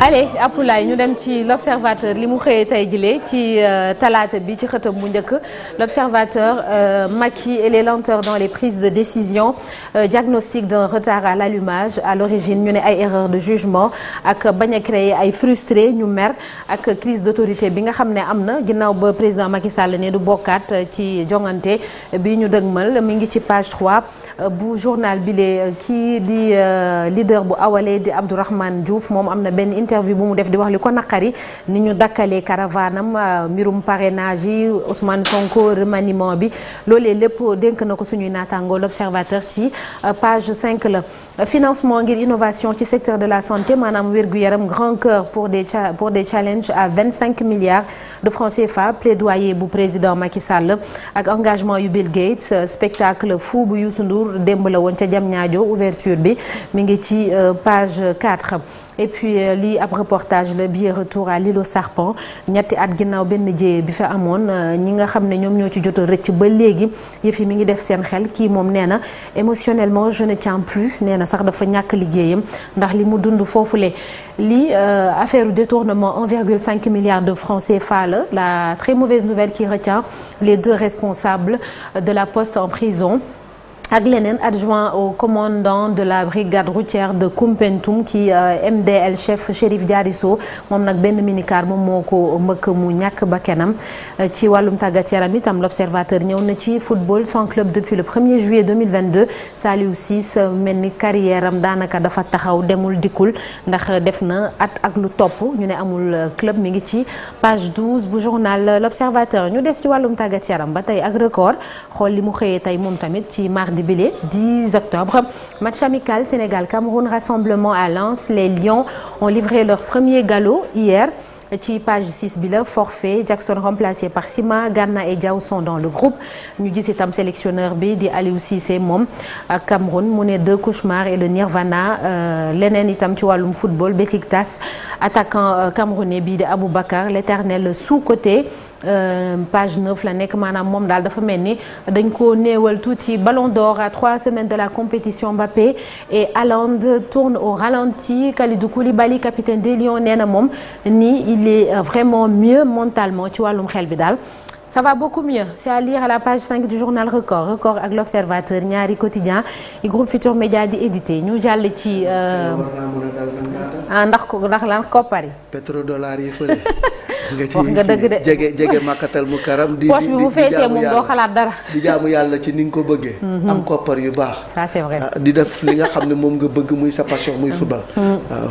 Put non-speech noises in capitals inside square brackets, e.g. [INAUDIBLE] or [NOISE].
allez Apoulaye ñu dem ci l' observateur li mu xëyee tey jilee ci euh, talaata bi ci xëtam bu njëkk l' observateur euh, Macky les lenteurs dans les prises de décision euh, diagnostic d'un retard à l'allumage à l'origine ñu ne ay erreur de jugement ak bañ a créer ay frustré ñu mer ak crise d' autorité bi nga xam ne am na ginnaaw ba président Macky Sall ne du bokkaat ci jongante bi ñu dëgmal mi ngi ci page 3 euh, bu journal bi lee euh, kii di leader bu awalee di Abdourahmane Diouf moom am na benn interview bu mu def di wax li ko naqari ni ñu dakkalee caravane am euh, mbirum parrainage yi Ousmane Sonko remaniement bi loolee lépp dénk na ko suñuy naataangoo l'observateur ci euh, page 5 la financement ngir innovation ci secteur de la santé maanaam wér-gu-yaram grand cœur pour des pour des challenges à 25 milliards de francs CFA plaidoyer bu président Macky Sall ak engagement yu Bill Gates euh, spectacle fou bu Youssou Ndour démb la woon ca Diamniadio ouverture bi mi ngi ci page 4 et puis bi ab reportage la bi retour à lilo aux ñetti at ginnaaw benn jéyee bi fa amoon euh, ñi nga xam ne ñoom ñoo ci jot a rëcc ba léegi yëf mi ngi def seen xel kii moom nee na émotionnellement je ne tiens plus nee na sax dafa ñàkk liggéeyam ndax li mu dund foofu le lii euh, affaire détournement 1,5 milliard de francs CFA la la très mauvaise nouvelle qui retient les deux responsables de la poste en prison ak leneen adjoint au commandant de la brigade routière de Koumpentoum ci euh, MDL chef Chérif Diary Sow moom nag benn minicar moom moo ko mbëkk mu ñàkk bakkanam euh, ci wàllum tàggat yaram itam l'observateur ñëw na ci football sans club depuis le 1er juillet 2022 Saliou Ciss euh, mel ni carrière daanaka dafa taxaw demul dikkul ndax def na at ak lu topp ñu ne amul club mi ngi ci page 12 bu journal l'observateur ñu des ci wàllum tàggat yaram ba tey ak record xool li mu xëyee tey tamit ci mardi bi le octobre match amical Sénégal Cameroun rassemblement à Lens les Lions ont livré leur premier galop hier ci page 6 bi la forfait Jackson remplacé par Sima Gana et Diaw sont dans le groupe ñu gis itam sélectionneur bi di Aliou Cissé moom ak Cameroun mu ne deux et le Nirvana euh, leneen itam ci wàllum football Besiktas attaquant euh, camerounais bi di Aboubacar l'éternel sous-côté Euh, page 9 la nekk maanaam moom daal dafa mel ni dañ koo néewal tuuti ballon d'or à trois semaines de la compétition Mbappé et Haaland tourne au ralenti Kalidou bali capitaine des Lions nee na moom ni il est vraiment mieux mentalement ci wàllum xel bi daal ça va beaucoup mieux c'est à lire à la page 5 du journal Record Record ak l'Observateur ñaari quotidien yi groupe Futurs Médias di édité ñu jàll ci. Euh, ah, ndax ko ndax la koppar yi. pétrodollar [LAUGHS] wax nga dëgg de jege jege makkatal mu karam. di poche bi bu feesee moom doo xalaat dara. di jaamu yàlla ci ni nga ko bëggee. Mhm. am koppar yu baax. ça c'est ah, di def li nga xam ne moom nga bëgg muy sa passion muy mhm. football. Mhm. Ah,